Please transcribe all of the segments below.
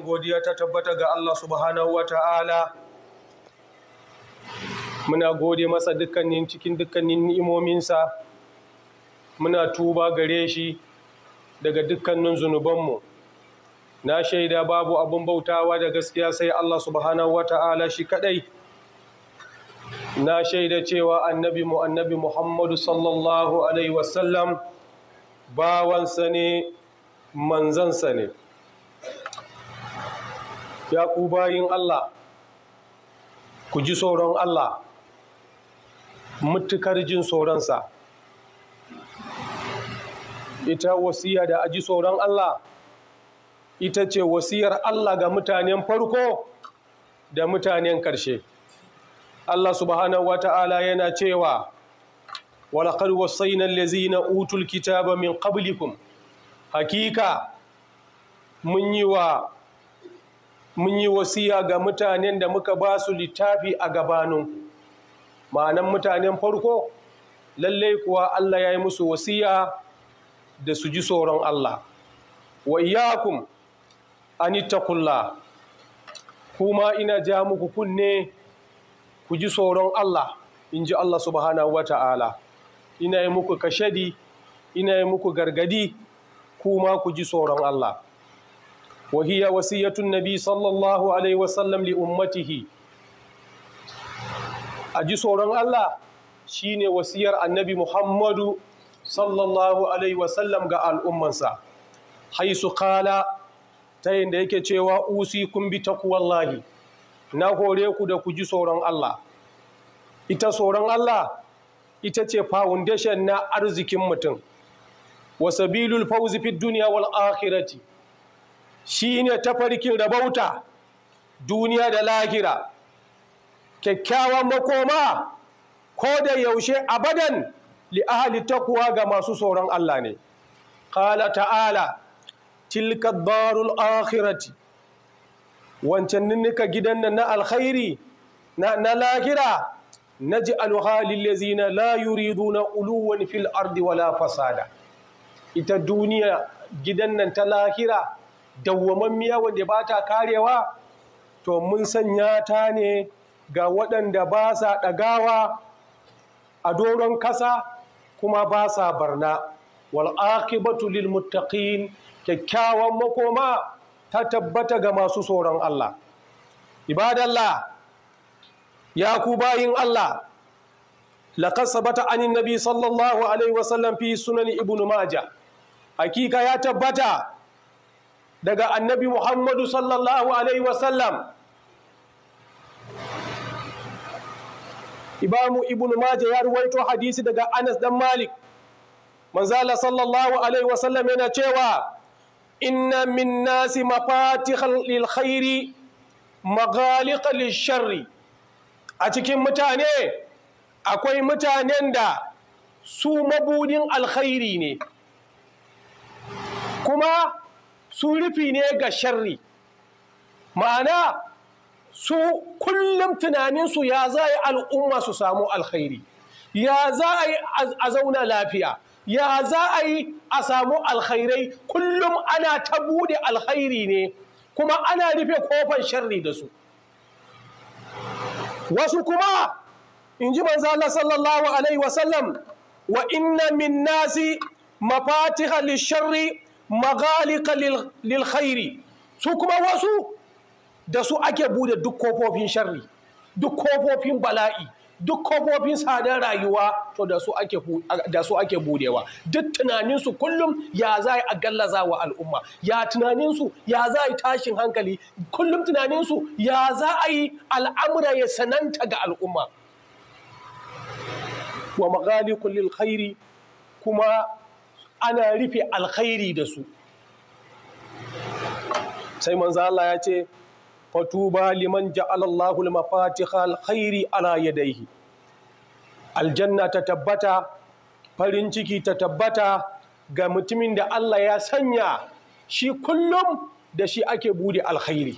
godiya ta tabbata ga Allah subhanahu wa ta'ala muna gode masa dukkanin cikin dukkanin ni'imominsa muna tuba gare shi daga dukkanin zunubanmu na shaida babu abin bautawa da gaskiya sai Allah subhanahu wa ta'ala shi kadai na shaida cewa annabi mu annabi Muhammadu sallallahu alaihi wasallam bawansa ne manzansa ne ya ku bayin Allah ku ji tsoron Allah mutukar jin tsoronsa ita wasiya da aji tsoron Allah ita ce wasiyar Allah ga mutanen farko da mutanen ƙarshe Allah subhanahu wa ta'ala yana cewa walaƙar wasaina lazina utul kitaba min qablikum hakika mun yi wa mun yi wasiya ga mutanen da muka ba su littafi a gabanin ma'anan mutanen farko lallai kuwa Allah ya yi musu wasiya da su ji tsoron Allah wa iyakum anittaqulla kuma ina ja muku kunne ku ji tsoron Allah in ji Allah subhanahu wa ta'ala ina yi muku kashadi ina yi muku gargadi kuma ku ji tsoron Allah وهي وسيه النبي صلى الله عليه وسلم لامته اجي سوران الله شينه وسير النبي محمد صلى الله عليه وسلم ga al'ummansa حيث قال ta yin da yake cewa Usi, kun bi ta taqwallahi na hore ku da ku ji tsoron Allah ita tsoron Allah ita ce foundation na arzikin mutum wa sabilul fawzi fid dunya wal akhirati shine tafarkin rabauta duniya da lahira kyakkyawan makoma ko da yaushe abadan li ahli taqwa ga masu tsoron Allah ne qala ta'ala tilka darul akhirati wancan ninnika gidan nan na alkhairi na lahira naj'alu halil ladzina la yuriduna uluwan fil ardi wala fasada ita duniya gidan nan ta lahira dawwamammiya wanda ba ta karewa to mun sanya ta ne ga waɗanda ba sa ɗagawa a doron ƙasa kuma ba sa barna wal'akibatu lil muttaqin kyakkyawan makoma ta tabbata ga masu tsoron Allah ibadallah ya ku bayin Allah laqad sabata anin nabi sallallahu alaihi wasallam fi sunan ibnu majah hakika ya tabbata daga annabi muhammadu sallallahu alaihi wasallam Ibamu ibn maja ya ruwaito hadisi daga anas dan malik manzala sallallahu alaihi wasallam yana cewa inna min nasi mafatihal lil khairi maghaliqa lil sharri a cikin mutane akwai mutanen da su mabudin alkhairi ne kuma su rufi ne ga sharri ma'ana su kullum tunaninsu ya za yi al'umma su samu alkhairi ya za a yi a zauna lafiya ya za a yi a samu alkhairai kullum ana ta buɗe alkhairi ne kuma ana rufe kofar sharri da su wasu kuma in ji manzo sallallahu alaihi wasallam wa inna min nasi mafatiha lisharri maghalika lil su kuma wasu da su ake bude duk kofofin sharri duk kofofin bala'i duk kofofin sadar rayuwa to da su ake budewa duk tunaninsu kullum ya za a gallaza wa al'umma ya tunaninsu ya za yi tashin hankali kullum tunaninsu ya za a yi al'amura ya sananta ga al'umma wa magali kullil khairi kuma ana rufe alkhairi da su sai manzo Allah ya ce fatuba liman ja'ala Allahul mafatiha ana khairi ala yadayhi aljanna ta tabbata farin ciki ta tabbata ga mutumin da Allah ya sanya shi kullum da shi ake bude alkhairi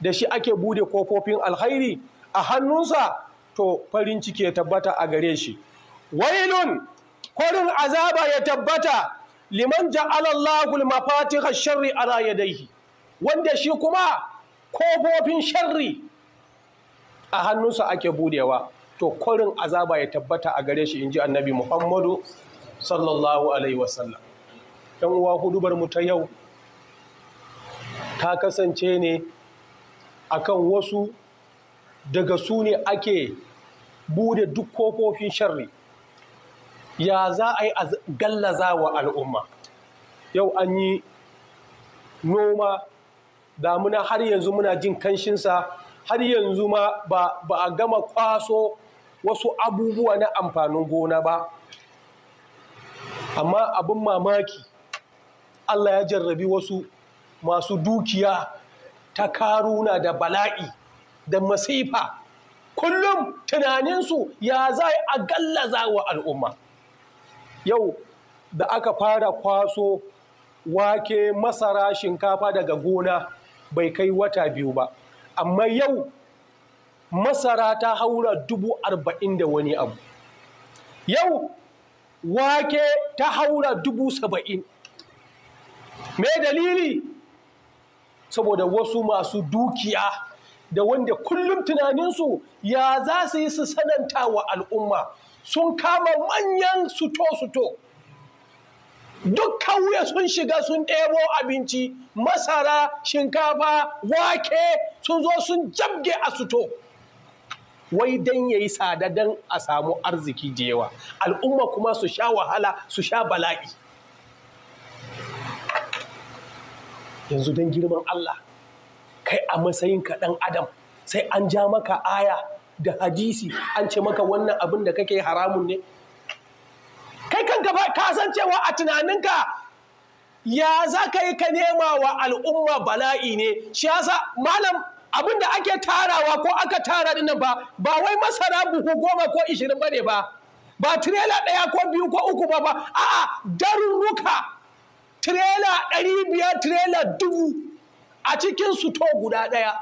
da shi ake bude kofofin alkhairi a hannunsa to farin ciki ya tabbata a gare shi wailun kwarin azaba ya tabbata liman ja'ala Allahul mafatiha sharri ala yadayhi wanda shi kuma kofofin sharri a hannunsa ake budewa to korin azaba ya tabbata a gare shi inji annabi Muhammadu sallallahu alaihi wasallam yan uwa hudubar mu ta yau ta kasance ne akan wasu daga su ne ake bude duk kofofin sharri ya za a yi a gallaza wa al'umma yau an yi noma damuna har yanzu muna jin kanshinsa har yanzu ma ba a gama kwaso wasu abubuwa na amfanin gona ba amma abin mamaki Allah ya jarrabi wasu masu dukiya ta karuna da bala'i da masifa kullum tunaninsu ya za a gallaza wa al'umma yau da aka fara kwaso wake masara shinkafa daga gona bai kai wata biyu ba amma yau masara ta haura dubu arba'in da wani abu yau wake ta haura dubu saba'in me dalili saboda wasu masu dukiya da wanda kullum tunaninsu ya za su yi su sananta wa al'umma sun kama manyan suto-suto duk kauye sun shiga sun ɗebo abinci masara shinkafa wake sun zo sun jabge a suto wai dan ya yi tsada don a samu arziki da yawa al'umma kuma su sha wahala su sha bala'i yanzu don girman Allah kai a matsayin ka ɗan adam sai an ja maka aya da hadisi an ce maka wannan abin da kake haramun ne kai kanka ba ka cewa a tunaninka ya za ka yi ka nema wa al'umma bala'i ne shi yasa malam abin da ake tarawa ko aka tara nan ba ba wai masara buhu goma ko ishirin ba ba ba tirela ɗaya ko biyu ko uku ba ba a'a darurruka tirela ɗari biyar tirela dubu a cikin su to guda ɗaya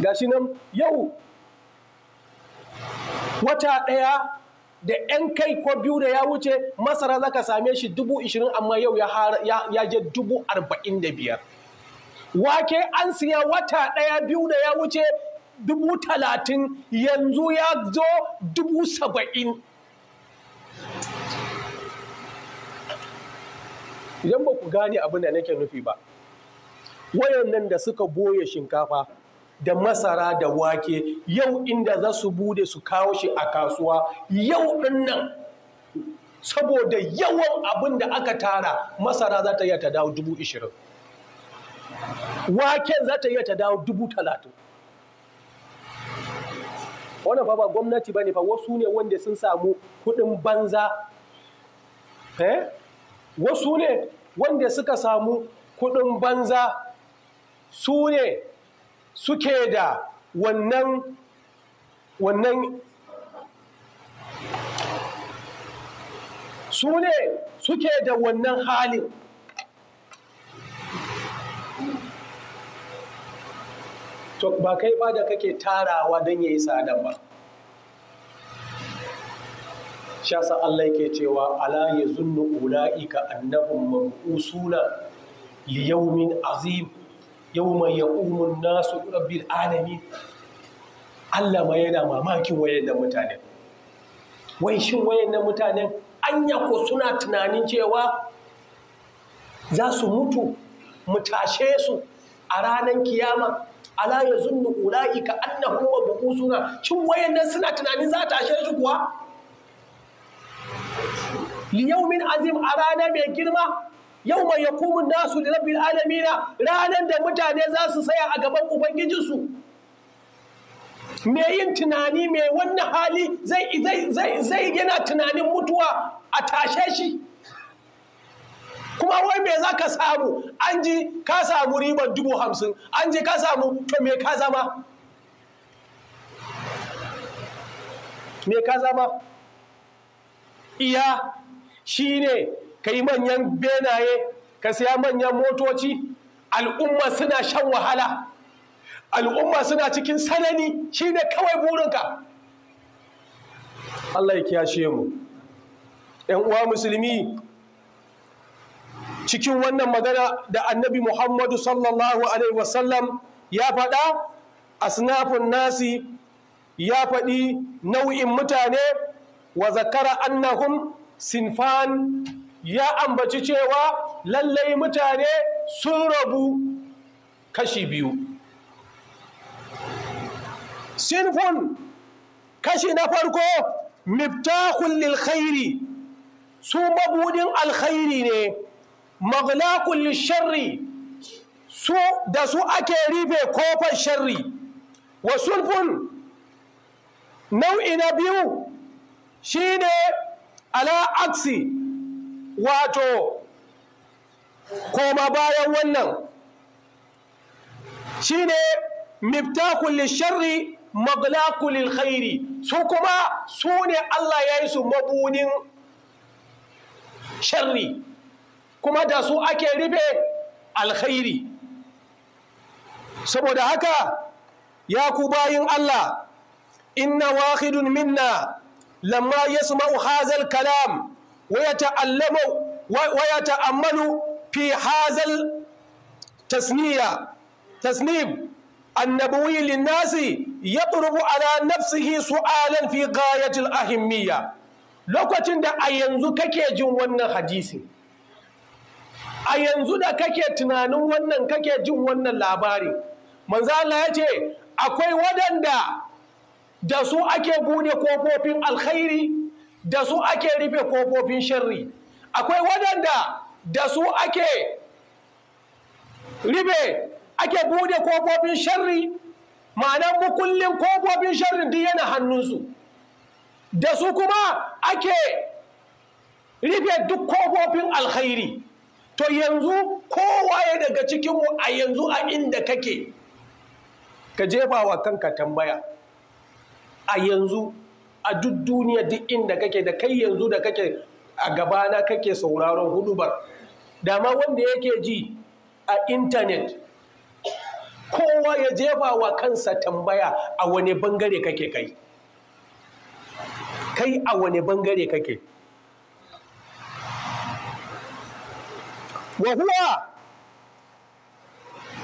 gashi nan yau wata ɗaya da 'yan kai ko biyu da ya wuce masara zaka same shi dubu ishirin amma yau ya je dubu arba'in da biyar wake an siya wata ɗaya biyu da ya wuce dubu talatin yanzu ya zo dubu saba'in idan ba ku gane abin da nake nufi ba wayannan da suka boye shinkafa da masara da wake yau inda za su bude su kawo shi a kasuwa yau nan saboda yawan abin da aka tara masara za ta iya ta dawo dubu ishirin waken za ta iya ta dawo dubu talatin wannan ba gwamnati ba ne fa wasu ne wanda sun samu kuɗin banza eh? wasu ne wanda suka samu kuɗin banza su ne suke da wannan wannan su ne suke da wannan halin to ba kai ba da kake tarawa don ya yi tsadan ba shi yasa Allah yake cewa ala yazunnu ulaika annahum mabusuna li yawmin azim yawma yaqumu an-nasu rabbil alamin Allah ma yana mamakin wayannan mutane wai shin wayannan mutanen anya ko suna tunanin cewa za su mutu mu tashe su a ranar kiyama ala yazunnu ulaika annahum mabusuna shin wayannan suna tunanin za a tashe su kuwa liyaumin azim a rana mai girma yau mai yakumun nasu da rabbil alamina ranar da mutane za su saya a gaban ubangijinsu mai yin tunani mai wannan hali zai yana tunanin mutuwa a tashe shi kuma wai me zaka samu an ji ka samu ribar dubu hamsin an ji ka samu to me ka zama me ka zama iya ne ka yi manyan benaye ka saya manyan motoci al'umma suna shan wahala al'umma suna cikin sanani shine kawai burinka Allah ya kiyashe mu ‘yan uwa musulmi cikin wannan magana da annabi Muhammadu sallallahu Alaihi wasallam ya faɗa asnafin nasi ya faɗi nau'in mutane wa zakara annahum sinfan ya ambaci cewa lallai mutane sun rabu kashi biyu sinfun kashi na farko miftahun lil su mabudin alkhairi ne maglaqun lil sharri su da su ake rife kofar sharri wa sulfun nau'i na biyu shine ala aksi wato koma bayan wannan shi shine miftakul lisharri maglaqul khairi su kuma su ne Allah ya yi su mabunin sharri kuma da su ake rufe alkhairi saboda haka ya ku bayin Allah inna wahidun minna lamma yasma'u hazal kalam waya ta'ammalu wa yata'ammalu fi hazal tasniya tasnib النبوي للناس يطرب على نفسه سؤالا في غاية lokacin da a yanzu kake jin wannan hadisi a yanzu da kake tunanin wannan kake jin wannan labari manzo Allah ya ce akwai waɗanda da su ake gune kofofin alkhairi da su ake rufe kofofin sharri akwai waɗanda da su ake rufe ake gune kofofin sharri ma'anar mukullin kofofin sharri duk yana hannunsu da su kuma ake rufe duk kofofin alkhairi to yanzu kowaye daga cikinmu a yanzu a inda kake ka jefa wa kanka tambaya a yanzu a duk duniya duk inda kake da kai yanzu da kake a gabana kake sauraron hudubar dama wanda yake ji a intanet kowa ya jefa wa kansa tambaya a wani bangare kake kai kai a wane bangare kake wa huwa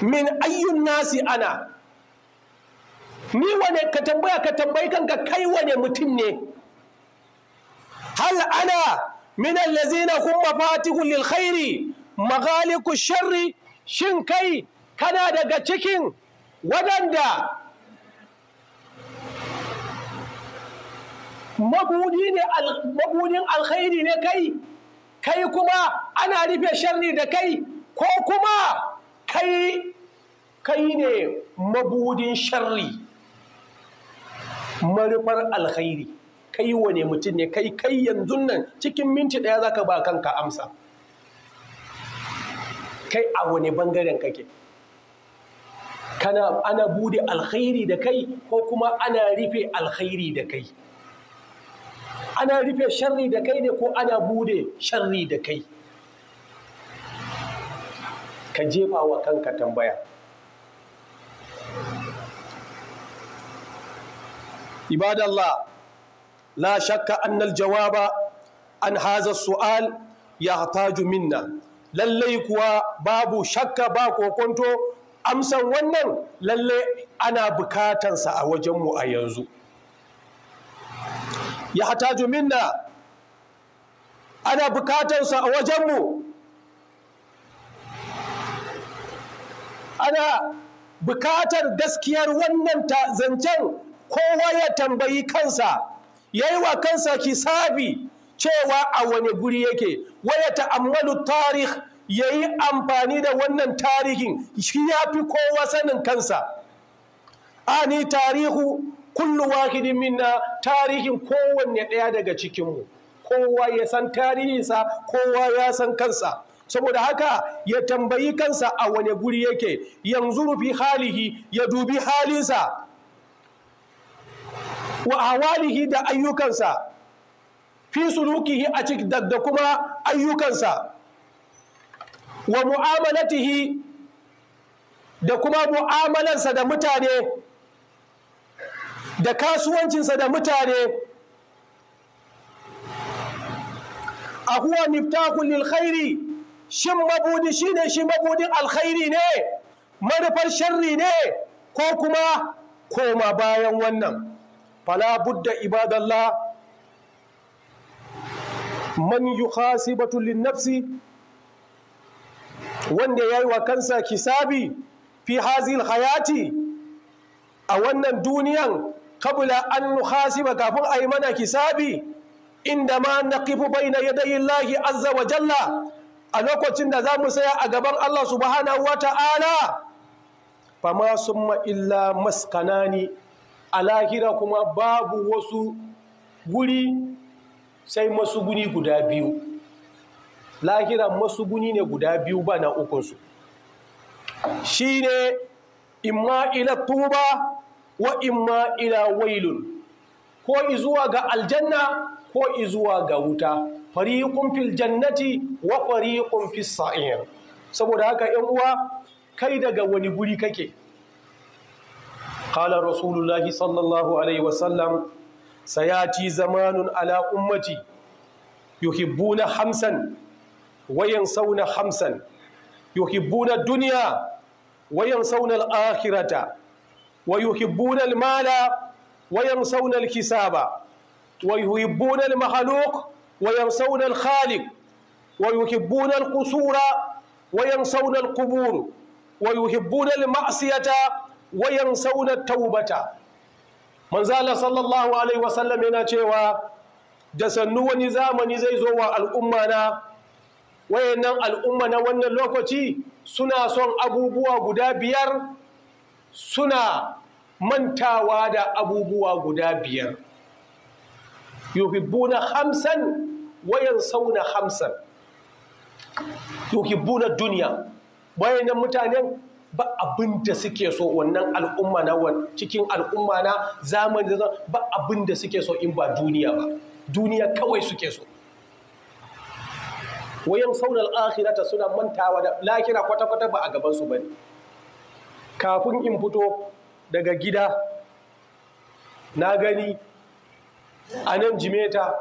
min ayyun nasi ana ni wane ka tambaya ka tambayi kanka kai wane mutum ne hal ana min allazina hum mafatihu lil khairi maghaliqu sharri shin kai kana daga cikin wadanda mabudi ne mabudin alkhairi ne kai kai kuma ana rufe sharri da kai ko kuma kai kai ne mabudin sharri manufar alkhairi kai wane mutum ne kai kai yanzu nan cikin minti ɗaya zaka ba kanka amsa kai a wane bangaren kake kana ana bude alkhairi da kai ko kuma ana rufe alkhairi da kai ana rufe sharri da kai ne ko ana bude sharri da kai ka jefa wa kanka tambaya عباد الله لا شك أن الجواب عن هذا السؤال يحتاج منا lallai kuwa babu shakka ba kokonto amsan wannan lallai ana bukatansa a wajenmu a yanzu ya hata minna ana bukatansa a wajenmu ana bukatar gaskiyar wannan zancen kowa ya tambayi kansa ya yi wa kansa hisabi cewa a wani guri yake waya ta'ammalu tarih ya yi amfani da wannan tarihin shi ya fi kowa sanin kansa ni tarihu kullu wahidin minna tarihin kowanne ɗaya daga cikinmu kowa ya san tarihinsa kowa ya san kansa saboda haka ya tambayi kansa a wani guri yake yanzu rufi halihi ya dubi halinsa wa awalihi da ayyukansa fi sulukihi a cikin da kuma ayyukansa wa mu'amalatihi da kuma mu'amalansa da mutane da kasuwancinsa da mutane a huwa miftahun lil khairi shin mabudi ne shi mabudin alkhairi ne manufar sharri ne ko kuma koma bayan wannan فلا بد عباد الله من يحاسبة للنفس wanda ya yi wa kansa kisabi fi hazil hayati a wannan duniyan kabula an ba kafin a yi mana kisabi inda ma na kifu bai na yadayin lahi azza wa jalla a lokacin da za mu saya a gaban Allah subhanahu wa ta'ala fama ma illa maskanani a lahira kuma babu wasu guri sai masu guni guda biyu lahira masuguni ne guda biyu ba na ukunsu shi ne imma ila tuba wa imma ila wailun ko izuwa ga aljanna ko izuwa ga wuta fari fil jannati wa fari fis sa'ir saboda haka 'yan uwa kai daga wani guri kake قال رسول الله صلى الله عليه وسلم سياتي زمان على امتي يحبون خمسا وينسون خمسا يحبون الدنيا وينسون الاخره ويحبون المال وينسون الحساب ويحبون المخلوق وينسون الخالق ويحبون القصور وينسون القبور ويحبون المعصيه wayan sauna taubata manzala sallallahu alaihi wasallam yana cewa da sannu wani zamani zai zo wa al'umma na wayannan al'umma na wannan lokaci suna son abubuwa guda biyar suna mantawa da abubuwa guda biyar na hamsan wayan sauna hamsan na duniya wayannan mutanen ba abin da suke so wannan al'umma na cikin al'umma na zamani ba abin da suke so in ba duniya ba duniya kawai suke so wayan saunar akhirata suna mantawa da lakira kwata-kwata ba a gabansu ba ne kafin in fito daga gida na gani a nan jimeta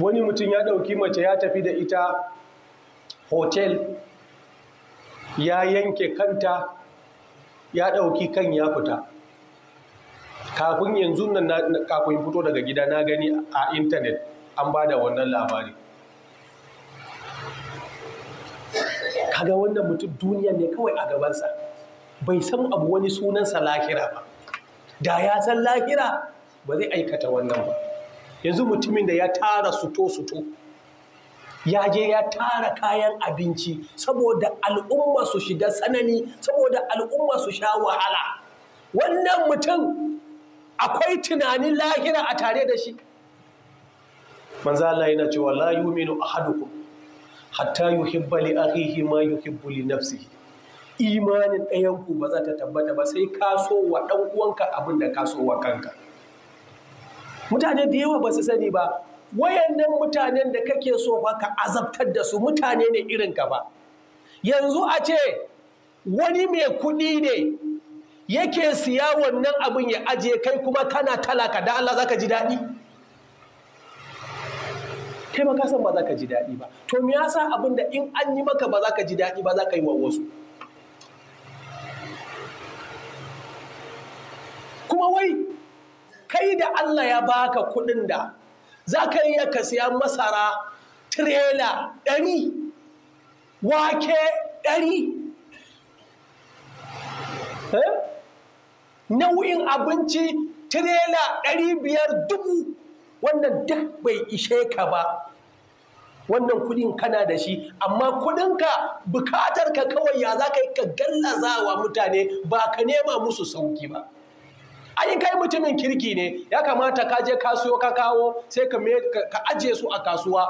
wani mutum ya ɗauki mace ya tafi da ita hotel ya yanke kanta ya ɗauki kan ya fita kafin yanzu nan kafin fito daga gida na gani a intanet an ba da wannan labari kaga wannan mutum duniya ne kawai a gabansa bai san abu wani sunansa lahira ba da ya san lahira ba zai aikata wannan ba yanzu mutumin da ya tara suto-suto ya je ya tara kayan abinci saboda al'umma su shiga tsanani saboda al'umma su sha wahala wannan mutum akwai tunanin lahira a tare da shi manzo Allah yana cewa la yu'minu ahadukum hatta yuhibba li akhihi ma yuhibbu li nafsihi imanin ɗayanku ku ba za ta tabbata ba sai kaso wa ɗan uwanka abin da ka wa kanka mutane da yawa ba su sani ba wayannan mutanen da kake so ba ka azabtar da su mutane ne irin ka ba yanzu a ce wani mai kuɗi ne yake siya wannan abin ya ajiye kai kuma kana talaka da Allah zaka ji daɗi kai ma san ba za ka ji daɗi ba to me yasa abin da in an yi maka ba za ka ji daɗi ba za ka yi wa wasu kuma wai kai da Allah ya baka kuɗin da za ka iya ka siya masara tirela ɗari wake ɗari eh? nau'in abinci tirela ɗari biyar dubu wannan duk bai ishe ka ba wannan kudin kana da shi amma kudinka bukatarka kawai ya za ka yi ka gallazawa mutane ba ka nema musu sauki ba ai kai mutumin kirki ne ya kamata ka je kasuwa ka kawo sai ka ka aje su a kasuwa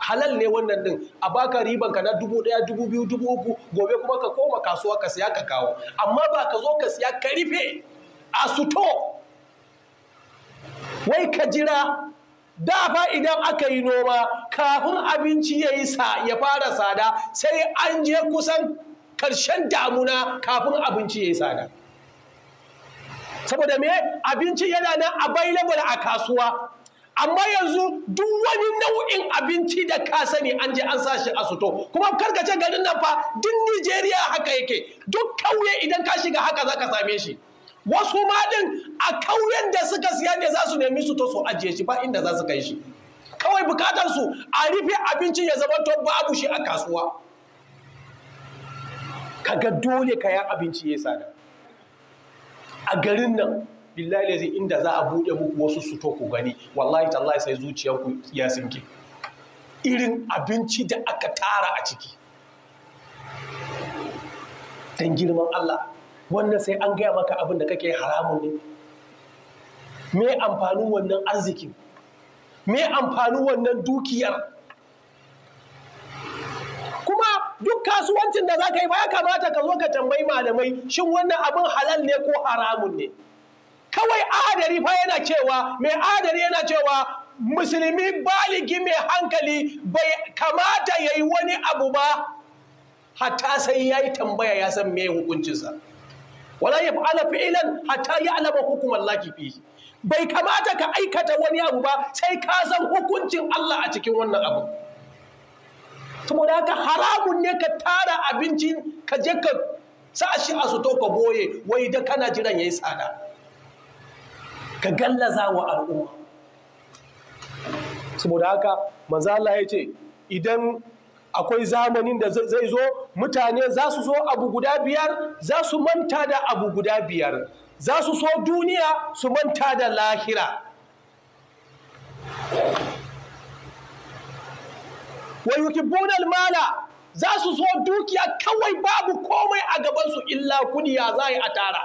halal ne wannan din a baka riban ka na dubu ɗaya dubu biyu dubu uku gobe kuma ka koma kasuwa ka siya ka kawo amma ba ka zo ka siya ka rufe a suto wai ka jira da fa idan aka yi noma kafin abinci ya yi sa ya fara sada sai an je kusan karshen damuna kafin abinci ya yi tsada saboda me abinci yana nan a available a kasuwa amma yanzu duk wani nau'in abinci da ka sani an je an sashi a suto kuma karkace garin nan fa duk Nijeriya haka yake duk kauye idan ka shiga haka zaka same shi wasu ma din a kauyen da suka siya ne za su nemi su to su ajiye shi ba inda za su kai shi kawai bukatar su a rufe abinci ya zama to babu shi a kasuwa kaga dole kayan abinci ya sada a garin nan billahi zai inda za a buɗe muku wasu su to ku gani wallahi tallahi sai zuciyar ku ya sinke irin abinci da aka tara a ciki dan girman Allah wannan sai an gaya maka abin da kake haramun ne me amfanin wannan arzikin me amfanin wannan dukiyar duk kasuwancin da za ka yi ba ya kamata ka zo ka tambayi malamai shin wannan abin halal ne ko haramun ne kawai adari fa yana cewa mai adari yana cewa musulmi baligi mai hankali bai kamata ya yi wani abu ba hatta sai ya yi tambaya ya san me hukuncinsa wala ya fa'ala fi'ilan hatta ya alama hukumar laki bai kamata ka aikata wani abu ba sai ka san hukuncin Allah a cikin wannan abu saboda haka haramun ne ka tara abinci ka je ka sa shi a su ka boye wai da kana jiran yayi tsada ka gallaza wa al'umma saboda haka manzo Allah ya ce idan akwai zamanin da zai zo mutane za su zo abu guda biyar za su manta da abu guda biyar za su so duniya su manta da lahira wa bunal mala za su so dukiya kawai babu komai a gabansu illa ya za a tara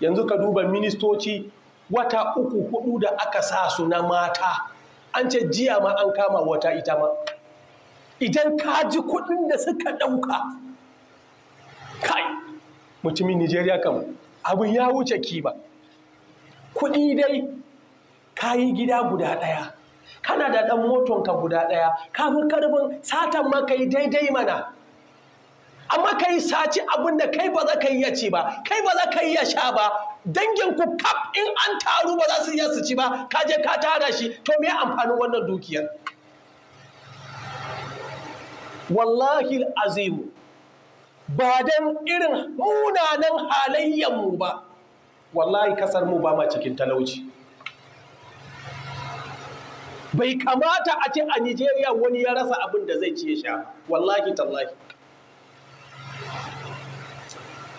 yanzu ka duba ministoci wata uku hudu da aka sa su na mata an ce jiya ma an kama wata ita ma idan ka ji kudin da suka dauka kai mutumin nigeria kam abin ya wuce kiba. kudi dai kayi gida guda daya kana da ɗan motonka guda ɗaya kafin karfin satan ma ka yi daidai mana amma ka yi saci abin da kai ba za ka iya ci ba kai ba za ka iya sha ba dangin ku kaf in an taru ba za su iya su ci ba ka je ka tara shi to me amfanin wannan dukiyar wallahi azimu ba dan irin munanan halayyar mu ba wallahi kasar mu ba ma cikin talauci bai kamata a ce a Nijeriya wani ya rasa abin da zai ci ya sha wallahi tallahi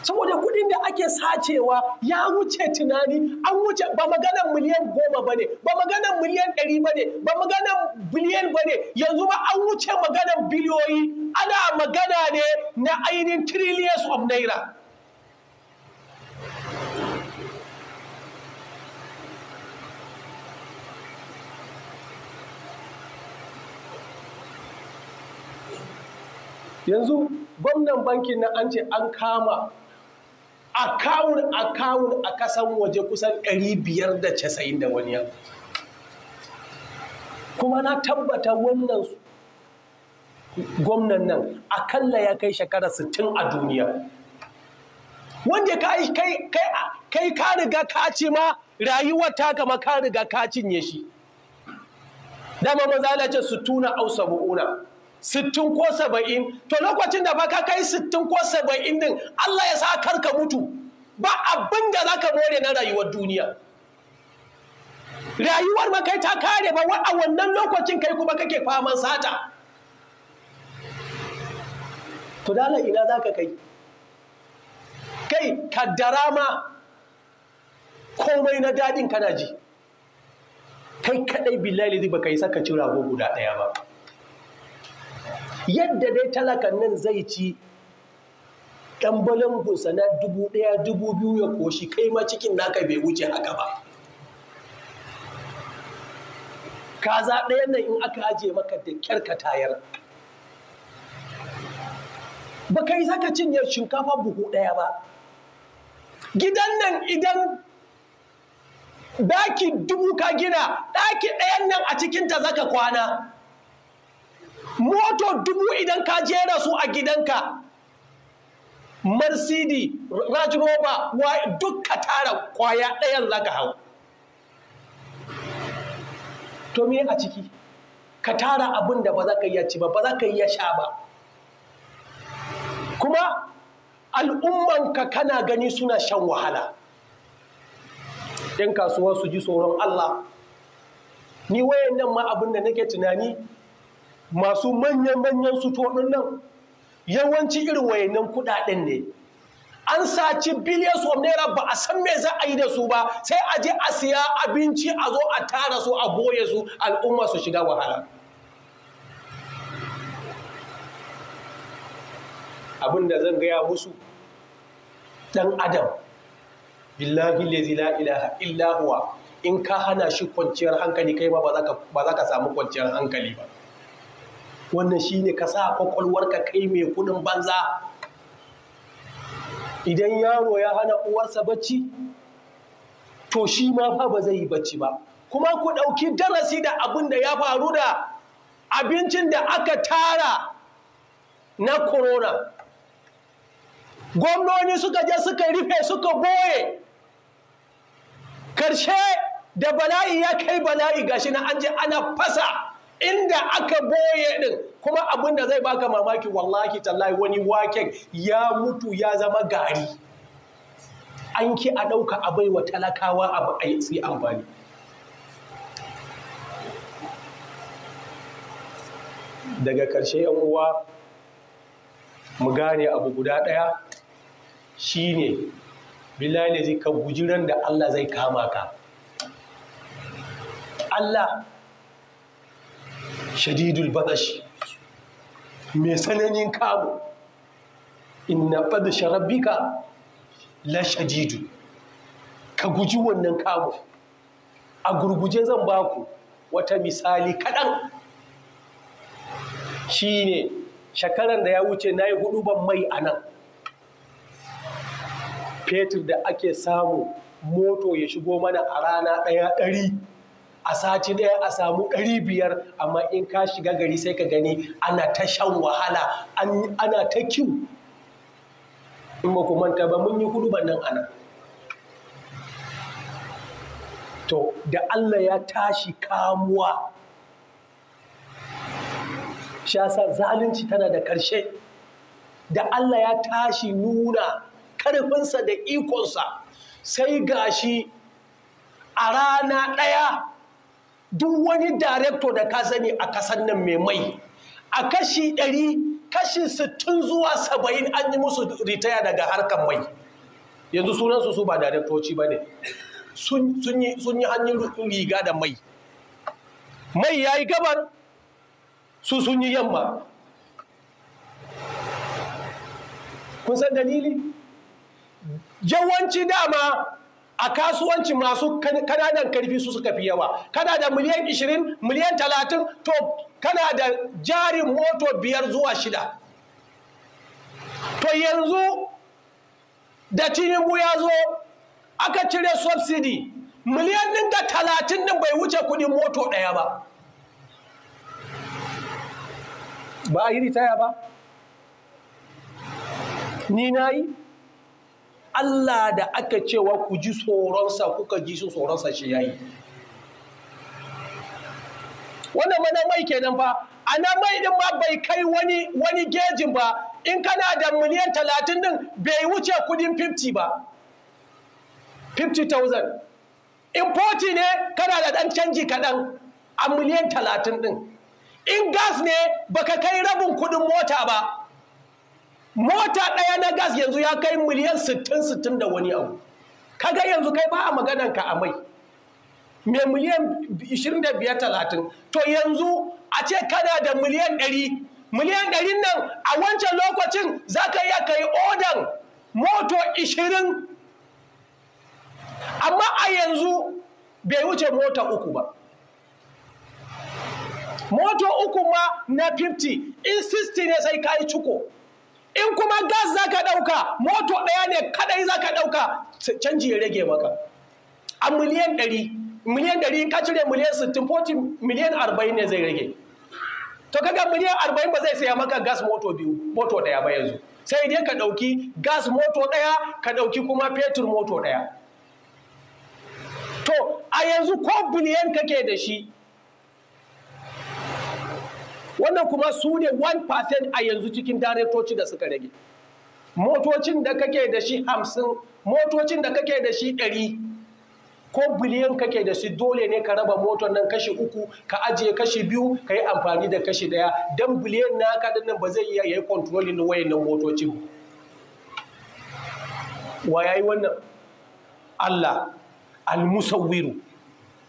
saboda kudin da ake sacewa ya wuce tunani an wuce ba maganan miliyan goma ba ne ba maganan miliyan ɗari ba ne ba maganan biliyan ba ne yanzu ba an wuce maganan biliyoyi ana magana ne na ainihin trillions of naira yanzu gwamnan bankin na an ce an kama akawun akawun a kasan waje kusan 590 da wani kuma na tabbata wannan gwamnan nan a akalla ya kai shekara 60 a duniya wanda kai ka riga ka ce ma rayuwar ta kama ka riga ka cinye shi dama maza ce su tuna ausa sittin ko saba'in to lokacin da baka kai sittin ko saba'in din Allah ya sa karka mutu ba abin da za ka more na rayuwar duniya rayuwar makai kai ta kare ba a wannan lokacin kai kuma kake faman sata to dala ina za ka kai kai kaddara ma komai na daɗin kana ji kai kadai billahi ba ka saka ci rago guda ɗaya ba yadda dai talakan nan zai ci ɗan balangunsa na dubu ɗaya dubu biyu ya koshi kai ma cikin naka bai wuce haka ba kaza ɗaya nan in aka ajiye maka da ƙyarka tayar ba kai zaka cinye shinkafa buhu ɗaya ba gidan nan idan daki dubu ka gina daki ɗayan nan a cikinta zaka kwana moto dubu idan ka jera su a gidanka marsidi rajiroba roba duk ka tara kwaya ɗayan za ka hau to me a ciki ka tara abin da ba za ka iya ci ba ba za ka iya sha ba kuma al'ummanka kana gani suna shan wahala ‘yan kasuwa su ji tsoron Allah ni wayan nan ma abin da nake tunani masu manyan-manyan sutoɗin nan yawanci irin wayannan kuɗaɗen ne an saci billions of naira ba a san me za a yi da su ba sai a je a siya abinci a zo a tara su a boye su al'umma su shiga wahala abin da zan gaya musu ɗan adam billahi lazi la ilaha illa in ka hana shi kwanciyar hankali kai ba ba za ka samu kwanciyar hankali ba wannan shi shine ka sa ka kai mai kudin banza idan yaro ya hana uwarsa bacci to shi ma fa ba zai yi bacci ba kuma ku ɗauki darasi da abin da ya faru da abincin da aka tara na korona. gwamnoni suka je suka rufe suka boye karshe da bala'i ya kai bala'i gashi na an je ana fasa inda aka boye ɗin, kuma abin da zai baka mamaki wallahi tallahi wani waken ya mutu ya zama gari an ki a ɗauka a baiwa talakawa a a su amfani daga ƙarshe yan uwa mu gane abu guda ɗaya shine billahi ne ka guji da Allah zai kama ka Allah shadidul batash mai tsananin kamu inna fada sharabbika la shadidu ka guji wannan kamu a gurguje zan baku wata misali kaɗan shine shekarar da ya wuce na yi hudu ban mai a nan fetur da ake samu moto ya shigo mana a rana ɗaya ɗari a sati ɗaya a samu ɗari biyar amma in ka shiga gari sai ka gani ana ta shan wahala ana ta kyau. in ba ku manta ba mun yi hudu ba nan anan to da Allah ya tashi kamuwa shasa zalunci tana da ƙarshe da Allah ya tashi nuna ƙarfinsa da ikonsa sai gashi a rana ɗaya duk wani director da ka sani a kasan nan mai mai a kashi ɗari kashi sittin zuwa saba'in an yi musu ritaya daga harkar mai yanzu sunansu su ba directoci ba ne sun yi hanyar riga da mai mai ya yi gabar su sun yi yamma kun san dalili yawanci dama a kasuwanci masu kananan karfi su suka fi yawa kana da miliyan 20 miliyan 30 to kana da jari moto biyar zuwa shida to yanzu da tinubu ya zo aka cire subsidi miliyan ɗin da talatin ɗin bai wuce kuɗin moto ɗaya ba ba a yi ritaya ba ni na yi Allah da aka cewa ku ji tsoronsa kuka ji su tsoronsa shi yayi wannan mana mai kenan fa a nan mai din ma bai kai wani wani gejin ba in kana da miliyan talatin din bai wuce kudin 50 ba 50,000 in 40 ne kana da dan canji kaɗan a miliyan talatin din in gas ne baka kai rabin kudin mota ba mota ɗaya na gas yanzu ya kai miliyan sittin sittin da wani abu kaga yanzu kai ba a maganan ka amai mai miliyan 25-30 to yanzu a ce kana da miliyan 100 miliyan 100 nan a wancan lokacin za ka iya kai odan moto 20 amma a yanzu bai wuce mota uku ba moto uku ma na 50 in 60 ne sai ka yi cuko in kuma gas za ka ɗauka moto ɗaya ne kaɗai za ka ɗauka canji ya rage maka a miliyan ɗari miliyan ɗari ka cire miliyan sittin foti miliyan arba'in ne zai rage to kaga miliyan arba'in ba zai saya maka gas moto biyu moto ɗaya ba yanzu sai dai ka ɗauki gas moto ɗaya ka ɗauki kuma fetur moto ɗaya to a yanzu ko biliyan kake da shi wannan kuma su ne 1% a yanzu cikin daretoci da suka rage motocin da kake da shi hamsin motocin da kake da shi ɗari ko biliyan kake da shi dole ne ka raba motar nan kashi uku ka ajiye kashi biyu ka yi amfani da kashi daya don biliyan na din nan ba zai iya yayi kontrolin na wayannan motocin wa yayi wannan Allah al-musawwiru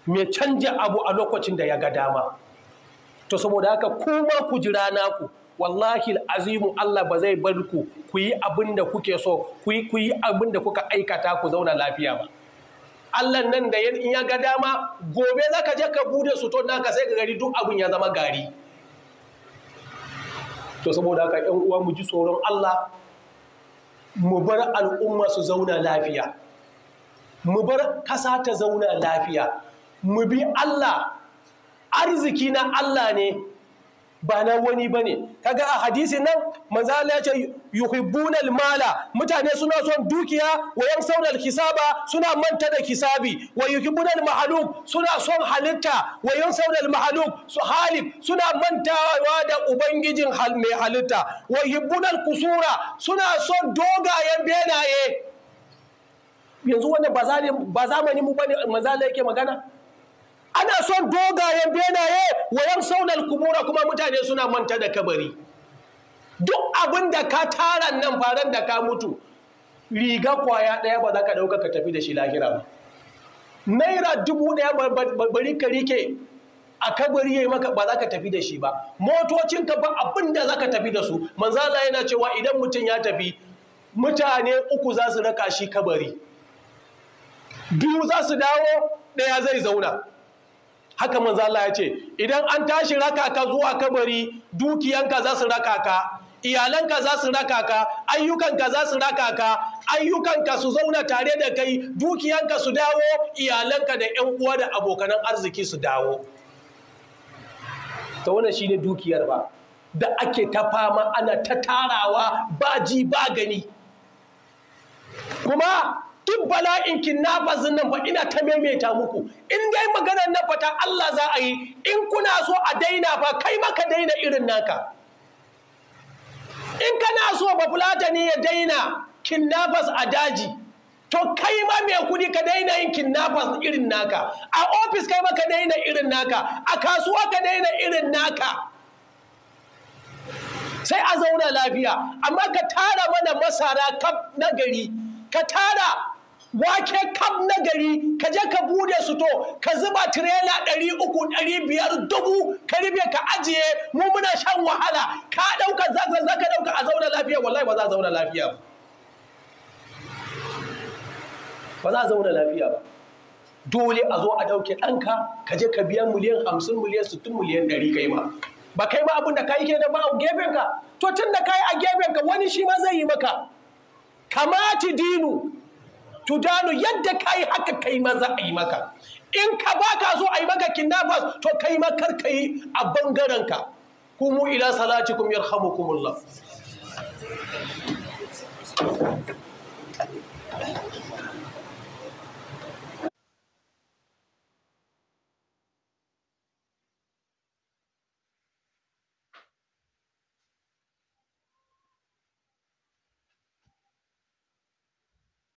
mai canja abu a lokacin da ya ga dama to saboda haka kuma ku jira naku wallahi azimu Allah ba zai bar ku ku yi abin da kuke so ku yi abin da kuka aikata ku zauna lafiya ba Allah nan da in ya ga dama gobe zaka je ka bude su to ka sai ka gari duk abin ya zama gari to saboda haka ƴan uwa mu ji tsoron Allah mu bar al'umma su zauna lafiya mu bar kasa ta zauna lafiya mu bi Allah arziki na Allah ne ba na wani ba ne kaga a hadisi nan manzala ya ce yuhibbunal mala mutane suna son dukiya wa 'yan yansawna kisaba suna manta da kisabi wa yuhibbunal mahaluk suna son halitta wa 'yan yansawna mahaluk su halif suna mantawa da ubangijin mai halitta wa yuhibbunal kusura suna son dogayen benaye yanzu wannan ba zamani mu bane manzala yake magana ana son dogayen benaye wayan saunar kubura kuma mutane suna manta da kabari duk abin da ka tara nan faran da ka mutu riga kwaya ɗaya ba za ka ɗauka ka tafi da shi lahira ba naira dubu ɗaya bari ka rike a kabari ya yi maka ba za ka tafi da shi ba motocin ka ba abin da za ka tafi da su manzala yana cewa idan mutum ya tafi mutane uku za su raka shi kabari biyu za su dawo ɗaya zai zauna haka manzo Allah ya ce idan an tashi raka ka zuwa kabari dukiyanka za su raka ka iyalanka za su raka ka ayyukanka za su raka ka ayyukanka su zauna tare da kai dukiyanka su dawo iyalanka da ƴan uwa da abokan arziki su dawo ta wannan shine dukiyar ba da ake ta fama ana ta tarawa ba ji ba gani kuma duk bala'in bazin nan ba ina ta maimaita muku in dai maganar na fata Allah za a yi in kuna so a daina ba kai maka daina irin naka in kana so ba fulatani ya daina kinnafas a daji to kai ma mai kudi ka daina yin kidnappers irin naka a ofis kai ma ka daina irin naka a kasuwa ka daina irin naka sai a zauna lafiya amma ka tara mana masara na gari ka tara wake kam na gari ka je ka bude su to ka zuba tirela ɗari uku ɗari biyar dubu ka ribe ka ajiye mu muna shan wahala ka ɗauka za ka ɗauka a zauna lafiya wallahi ba za a zauna lafiya ba ba za a zauna lafiya ba dole a zo a ɗauke ɗanka ka je ka biya miliyan hamsin miliyan sittin miliyan ɗari kai ma ba kai ma abin da ka yi ke da ba a gefenka to tun da ka yi a gefenka wani shi ma zai yi maka kamati dinu tudanu yadda ka yi haka kai maza a yi maka in ka ba ka so a yi maka kidnappers to kai makar ka yi a bangaren ka kumu ila salatikum yarhamukumullah